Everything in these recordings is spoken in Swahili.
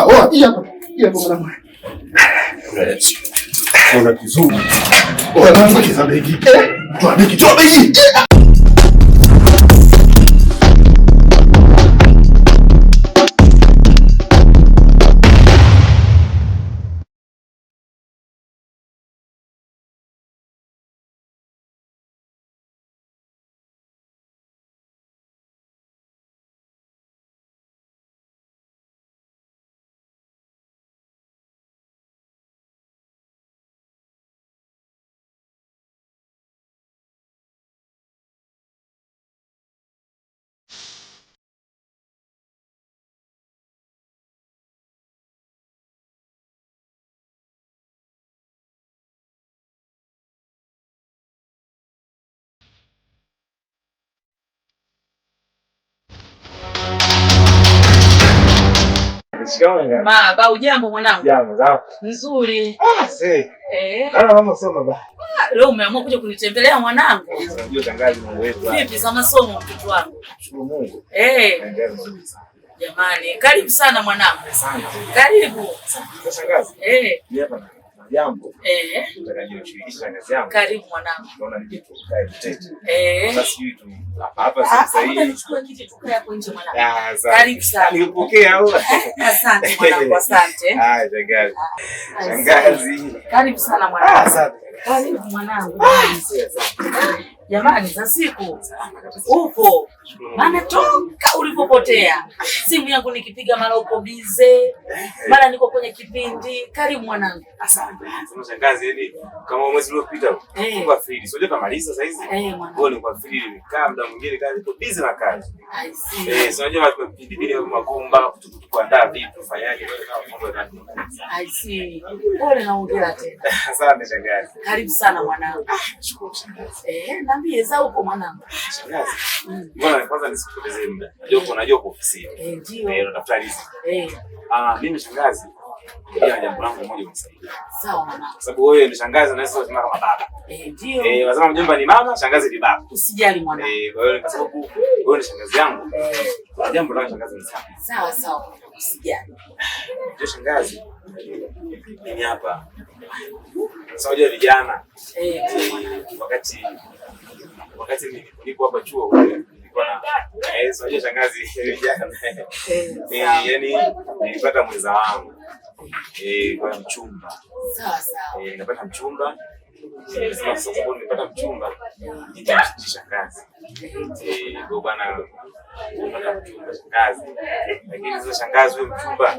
Toa Baba, ujambo mwanangu? Jambo zangu. Nzuri. Ah, si. Eh. Kama mama soma baba. Ah, leo umeamua kuja kunitembelea mwanangu. Unajua tangazo mambo yetu. Vipi za masomo mtoto wangu? Shukuru Mungu. Eh. Jamani, karibu sana mwanangu. Sana. Karibu. Sasa shangazi. Eh. Hapa jambo utakajilisha kazi yangu. Karibu mwanangu. Naona nije tukae tutete. Eh. Sasa sijui tu hapa ah, sasa sahihi. Nichukue kiti tukae hapo nje mwanangu. Ah, Karibu sana. Nikupokea au? Asante mwanangu, asante. Ah, shangazi. Ah, shangazi. Karibu sana mwanangu. Asante. Karibu mwanangu. Asante. Jamani, za siku upo maana, toka ulipopotea simu yangu nikipiga, mara uko bize, mara niko kwenye kipindi. Karibu mwanangu. Asante shangazi, yaani kama mwezi eh. eh, kwa free, sio sasa hizi wewe, ni kwa free, muda mwingine kazi, bize na kazi eh, sio kwa kipindi bila vitu, fanyaje wewe mambo I see, eh, tena. Asante shangazi, karibu sana mwanangu. Ah, shangazi. Eh, na niambie za uko mwanangu. Bwana kwanza nisikupotezee muda. Najua uko najua uko ofisini. Eh, ndio. Eh, natafuta riziki. Eh. Ah, mimi shangazi. Pia jambo langu moja unisaidie. Sawa mwanangu. Kwa sababu wewe ni shangazi na sisi kama baba. Eh, ndio. Eh, wasema mjomba ni mama, shangazi ni baba. Usijali mwanangu. Eh, kwa hiyo kwa sababu wewe ni shangazi yangu. Eh. Jambo langu shangazi ni sawa. Sawa sawa. Usijali. Ndio shangazi. Mimi hapa. Unajua vijana eh. wakati wakati nilipo hapa chuo eh, unajua shangazi eh, vijana yani nilipata mwenza wangu eh, kwa mchumba napata mchumba nilipata mchumba nitamshikisha kazi bwana mchumba shangazi, lakini sasa shangazi huyo mchumba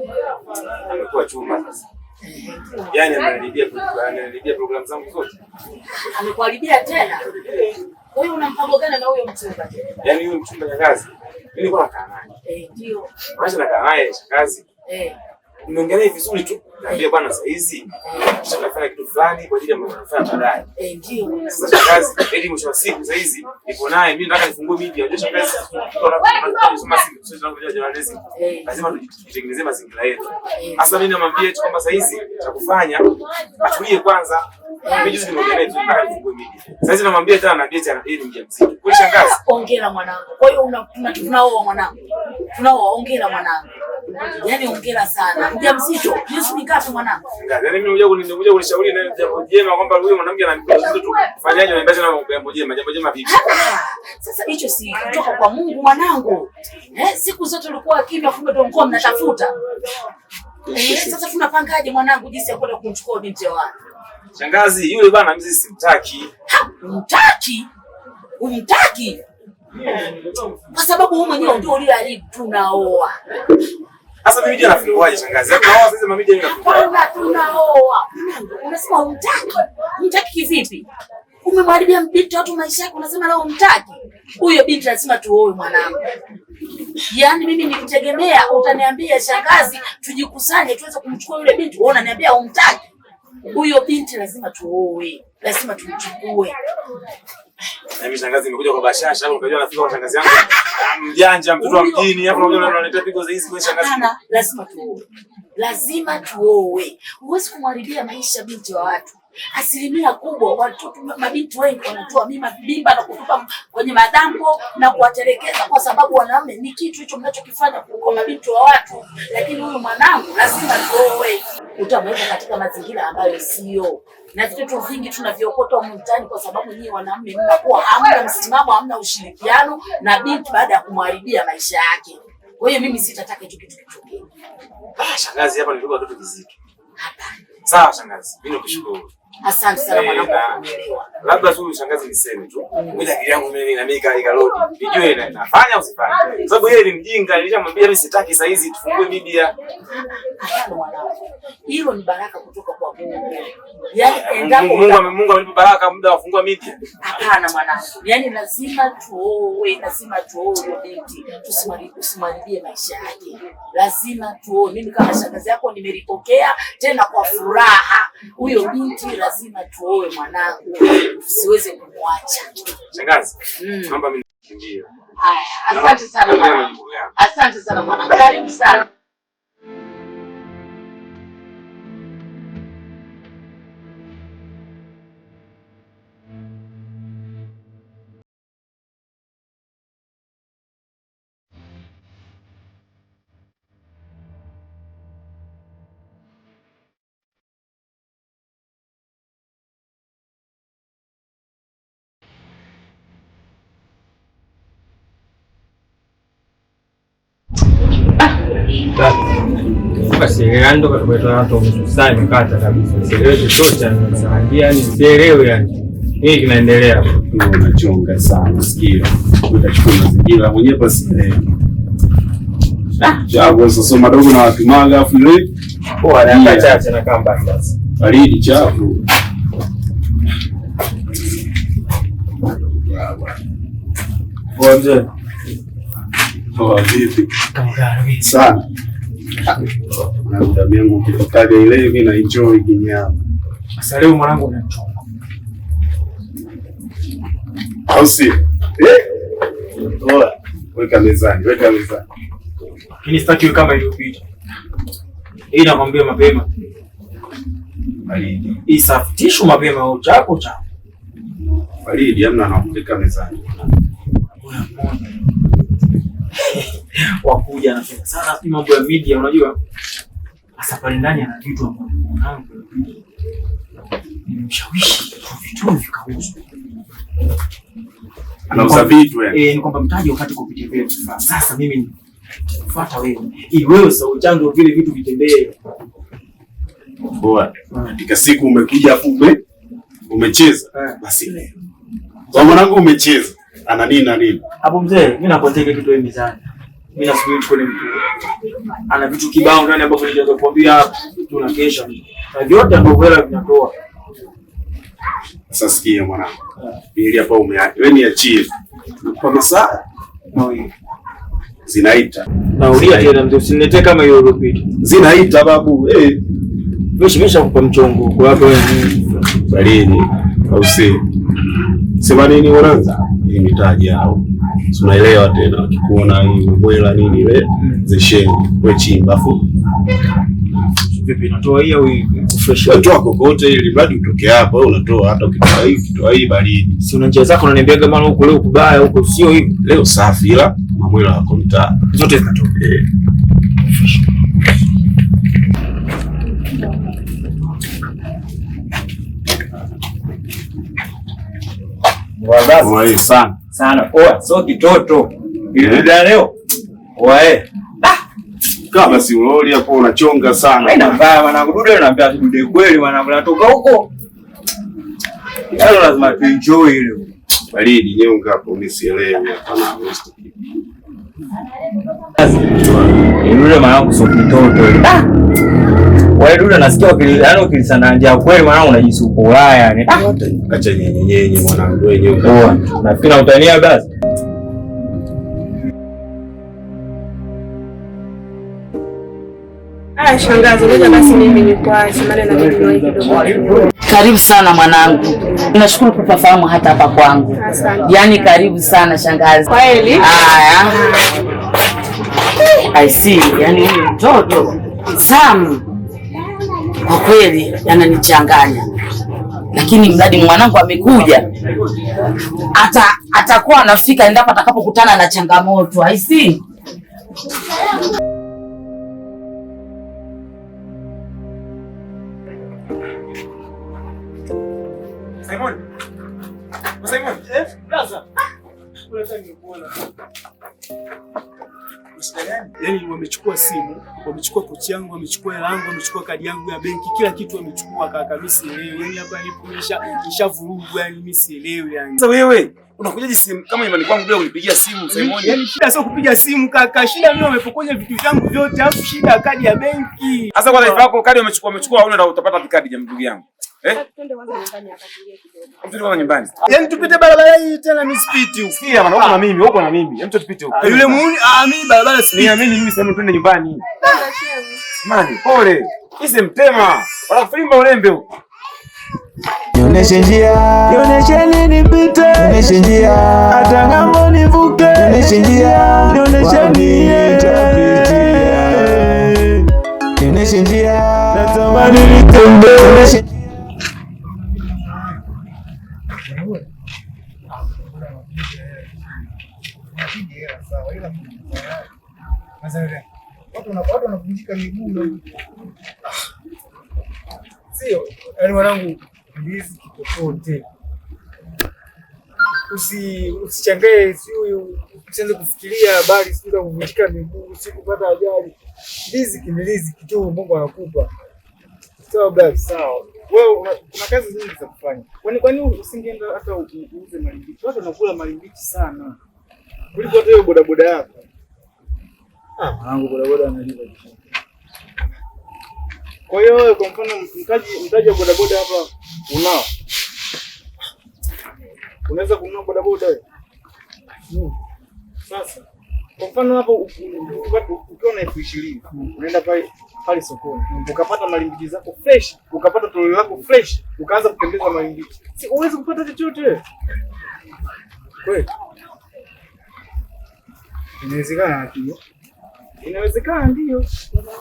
amekuwa chumba sasa Yani ameniharibia programu zangu zote. Amekuharibia tena? Kwa una mpango gani na huyo mchumba? Yani huyo mchumba ya kazi. Mimi nilikuwa nakaa naye. Eh, ndio. Maisha nakaa naye kazi. Eh nimeongelea vizuri tu, niambia bwana, sasa hizi tunafanya kitu fulani kwa ajili ya manufaa ya baadaye. Eh, ndio sasa shangazi, ili mwisho wa siku sasa hizi niko naye mimi, nataka nifungue media. Unajua shangazi, tunasoma siku sio tunakuja journalism, lazima tujitengenezee mazingira yetu. Sasa mimi namwambia eti kwamba sasa hizi cha kufanya atulie kwanza, mimi juzi nimeongelea tu, nataka nifungue media. Sasa hizi namwambia tena, na geti ana elimu ya mjamzito. Kwa shangazi, ongea na mwanangu. Kwa hiyo tunaoa mwanangu, tunaoa, ongea na mwanangu Yaani hongera sana. Mjamzito, Yesu ni kato mwanangu. Yaani mimi nimekuja kunikuja kunishauri na jambo jema kwamba huyu mwanamke ana mtoto tu. Fanyaje unaendesha na jambo jema, jambo jema vipi? Sasa hicho si kutoka kwa Mungu mwanangu. Eh, siku zote ulikuwa kimya kumbe ndio mkoa mnatafuta. Eh, sasa tunapangaje mwanangu jinsi ya kwenda kumchukua binti wangu? Shangazi, yule bwana mimi simtaki. Mtaki? Umtaki? Kwa sababu wewe mwenyewe ndio uliharibu tunaoa. Sasa mimi nafunguaje shangazi? Yaani tunaoa. Unasema humtaki. Humtaki kivipi? Umemharibia binti watu maisha yako, unasema leo umtaki Huyo binti lazima tuoe mwanangu. Yaani mimi nikitegemea utaniambia shangazi, tujikusanye tuweze kumchukua yule binti. Wewe unaniambia humtaki. Huyo binti lazima tuoe. Lazima tumchukue. Na mimi shangazi nimekuja kwa bashasha hapo nikajua rafiki wa shangazi yangu mjanja mtoto wa mjini hapo unakuja unaleta pigo za hizi kwa shangazi. Lazima tuoe. Lazima tuoe. Huwezi kumharibia maisha binti wa watu. Asilimia kubwa watoto mabinti wengi wanatoa mimba mimba na kutupa kwenye madambo na kuwatelekeza, kwa sababu wanaume ni kitu hicho mnachokifanya kwa mabinti wa watu. Lakini huyu mwanangu lazima tuoe, utamweka katika mazingira ambayo sio, na vitoto vingi tunaviokota mtaani, kwa sababu nyinyi wanaume mnakuwa hamna msimamo, hamna ushirikiano na binti baada ya kumharibia maisha yake. Kwa hiyo mimi sitataka hicho kitu kitokee. Ah, shangazi, hapa nilikuwa watoto vizito. Hapana. Sawa shangazi, mimi nakushukuru. Asante sana eh, mwanangu, kuelewa. Labda tu shangazi, niseme tu ngoja akili yangu mimi na mimi ikarudi, nijue ile nafanya usifanye, Kwa sababu yeye ni mjinga. Nilishamwambia mimi sitaki saa hizi tufungue Biblia. Hiyo ni baraka kutoka kwa Mungu. Yaani endapo Mungu amenipa baraka muda wa kufungua media. Hapana mwanangu, yaani lazima tuoe, lazima tuoe binti, Tusimari tusimharibie maisha yake, lazima tuoe. Mimi kama shangazi yako nimeripokea tena kwa furaha huyo binti lazima tuoe mwanangu, siweze kumwacha. Shangazi, mm. naomba mimi nikimbie. Asante sana mwanangu, asante sana mwanangu, karibu sana. Sielewi toka imekata kabisa, sielewi chochote, yani sielewi yani nini kinaendelea. Unachonga sana sikio, utachukua mazingira mwenyewe basi. Ah! Chago sasa madogo na wakimaga afu ile poa na chache na kamba sasa. Baridi chafu. Bonje. Poa vipi? Sana. Tabia yangu ukitokale ile hivi na enjoy kinyama. Sasa leo mwanangu unachoma. Au si? Eh? Poa. Weka mezani, weka mezani. Mimi sitaki wewe kama iliyopita. Hii nakwambia mapema. Baridi. Isaftishwe mapema au chako chako. Baridi amna nakupeleka mezani. Moja wakuja anasema sana si mambo ya media, unajua hasa pale ndani ana vitu ambavyo mwanangu nimemshawishi vitu vikauzwa, anauza vitu eh, ni kwamba mtaji upate kupitia vile vifaa. Sasa mimi nifuata wewe ili wewe sasa uchange vile vitu vitembee. Poa, katika siku umekuja afu ume umecheza eh. basi leo kwa mwanangu umecheza ana nini na nini hapo mzee, mimi napoteka kitu mizani mimi nasubiri kwenye mtu ana vitu kibao ndani ambavyo nijaweza kuambia tunakesha na vyote ndio hela vinatoa. Sasa sikia mwana, mwanangu, ili hapa umeacha wewe, ni niachie kwa masaa no, zinaita, naulia tena mzee, usinete kama hiyo iliyopita. Zinaita babu, eh meshimisha kupa mchongo kwa hapo wewe, balini au si sema nini, unaanza ili nitaje hao unaelewa tena, wakikuona bwela nini ile zesheni we chimba fu vipi natoa hii fresh natoa kokote ili bado utoke hapo, wewe unatoa hata ukitoa hii ukitoa hii baridi, si una njia zako, unaniambiaga mara huko leo kubaya huko sio hivi, leo safi, ila mamwela wako mtaa zote zinatoka eh. Mwandazi sana sana. Poa, so kitoto. Ilikuja leo. Wae. Eh. Kama si uloli hapo unachonga sana. Inafaa mwanangu dude unaambia dude kweli mwanangu natoka huko. Yaani lazima tuenjoy ile. Baridi nyonga hapo, nisielewe hapa na Kristo. Yule mwanangu sio kitoto. Ah! Wale duda nasikia yaani ukilisana njia kweli mwanangu unajisupu Ulaya yani. Acha nyenyenyenye mwanangu wewe. Nafikiri utania basi. Karibu sana mwanangu. Nashukuru kupafahamu hata hapa kwangu. Yaani karibu sana shangazi. Kweli? Haya. I see. Yaani huyu mtoto Sam kwa kweli ananichanganya, lakini mradi mwanangu amekuja, ata atakuwa anafika endapo atakapokutana na changamoto. I see. Simon. Simon. Eh? Sasa. Yaani wamechukua simu, wamechukua pochi yangu, wamechukua hela yangu, wamechukua kadi yangu ya benki, kila kitu wamechukua kaka, mimi sielewi. Yaani hapa nipo nishavurugwa, yaani mimi sielewi yani. Sasa wewe unakujaje simu kama nyumbani kwangu bila kunipigia simu yaani Simon? Yaani shida sio kupiga simu kaka, shida mimi wamepokonya vitu vyangu vyote, afu shida kadi ya benki. Sasa kwa taifa yako kadi wamechukua, wamechukua, hauna utapata kadi ya ndugu yangu. Eh? nyumbani. Yaani tupite barabara hii tena misipiti ukia maana uko na mimi, uko na mimi. Yaani Mtu tupite huko. Ah, yule muuni ah, mimi barabara si mimi, mimi sema twende nyumbani. Mani, pole. Ise mtema. Wala kulimba ulembe huko. Nioneshe njia. Nionesheni nipite. Nioneshe njia. Hata ng'ambo nivuke. Nioneshe njia. Nionesheni njia. Nioneshe njia. Natamani nitembee watu wanavunjika miguu, sio? Yaani mwanangu, ndizi kikokote, usichangae, usianze kufikiria habari siku za kuvunjika miguu, si kupata ajali. Ndizi kimilizi kitu Mungu anakupa. Sawa brother, sawa wewe una kazi nyingi za kufanya. Kwani kwani usingeenda hata uuze malimbichi? Watu wanakula malimbichi sana kuliko hata hiyo bodaboda yako. Ah, mwanangu bodaboda analipa. Kwa hiyo wewe kwa mfano mtaji mtaji wa bodaboda hapa unao. Unaweza kununua bodaboda wewe? Sasa kwa mfano hapo ukiwa na elfu ishirini unaenda pale pale sokoni ukapata malimbikizi zako fresh, ukapata toleo lako fresh, ukaanza kutembeza malimbikizi, si uwezi kupata chochote kweli? Inawezekana, lakini inawezekana ndio.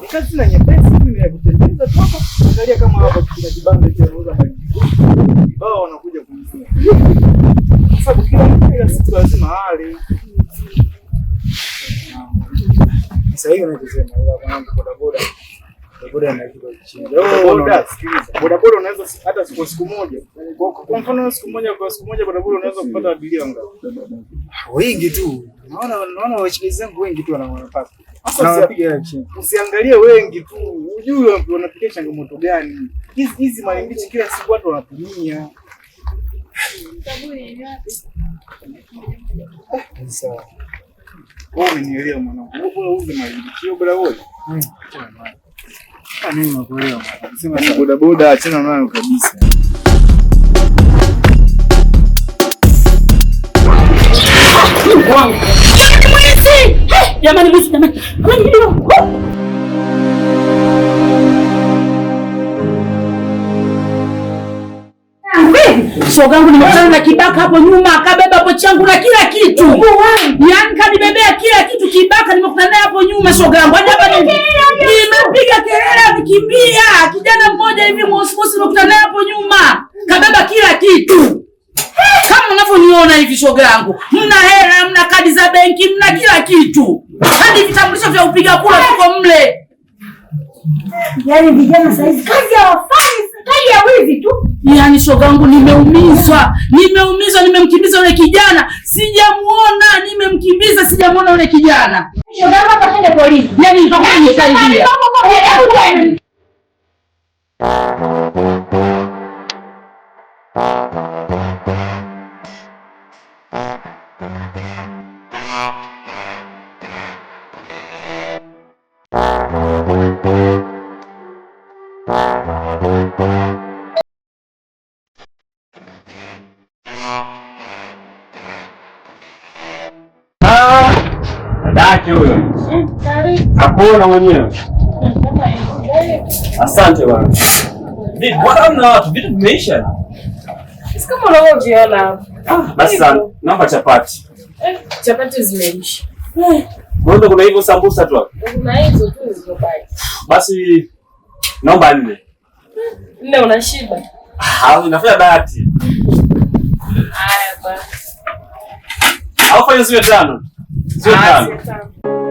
Ni kazi na nyepesi mimi ya kutembeza toka. Angalia kama hapo kuna kibanda cha kuuza malimbikizi, wao wanakuja kununua. sababu kila mtu ila siku lazima ale sasa hiyo unachosema, ila kwanza bodaboda bodaboda unaweza hata siku moja, kwa mfano siku moja kwa siku moja bodaboda unaweza kupata abiria ngapi? Wengi tu, naona naona zangu wengi tu wanapata. usiangalie wengi tu, ujue wanapitia changamoto gani hizi hizi mali mbichi, kila siku watu wanatumia umenielewa mwanangu? Uuze mali mbichi hiyo bodaboda mm bodaboda achana nayo kabisa. Jamani, jamani. shogangu nimekutana na kibaka hapo nyuma, akabeba hapo changu na kila kitu, yaani kanibebea kila kitu. Kibaka nimekutana naye hapo nyuma, Hadi yaani hapa nimepiga kelele nikimbia. Kijana mmoja hivi mweusi nimekutana naye hapo nyuma, kabeba kila kitu kama unavyoniona hivi, shogangu. Mna hela, mna kadi za benki, mna kila kitu, hadi vitambulisho vya upiga kura viko mle. Yaani vijana saizi kazi hawafai hali ya wizi tu. Yaani wangu, nimeumizwa, nimeumizwa, nimemkimbiza yule kijana, sijamuona, nimemkimbiza, sijamuona yule kijana. Shogangu, hapa twende polisi. Yaani nitakuja yaani kusaidia. na mwenyewe. Asante bwana. Mbona mna watu vitu vimeisha? Si kama unavyoviona. Ah, basi sana. naomba chapati. Eh, chapati zimeisha. Eh. Mbona kuna hizo sambusa tu hapo? Kuna hizo tu zilizobaki. Basi naomba nne. Nne unashiba. Ah, unafanya bahati. Haya bwana. Hapo ni ziwe tano. Ziwe ah, tano.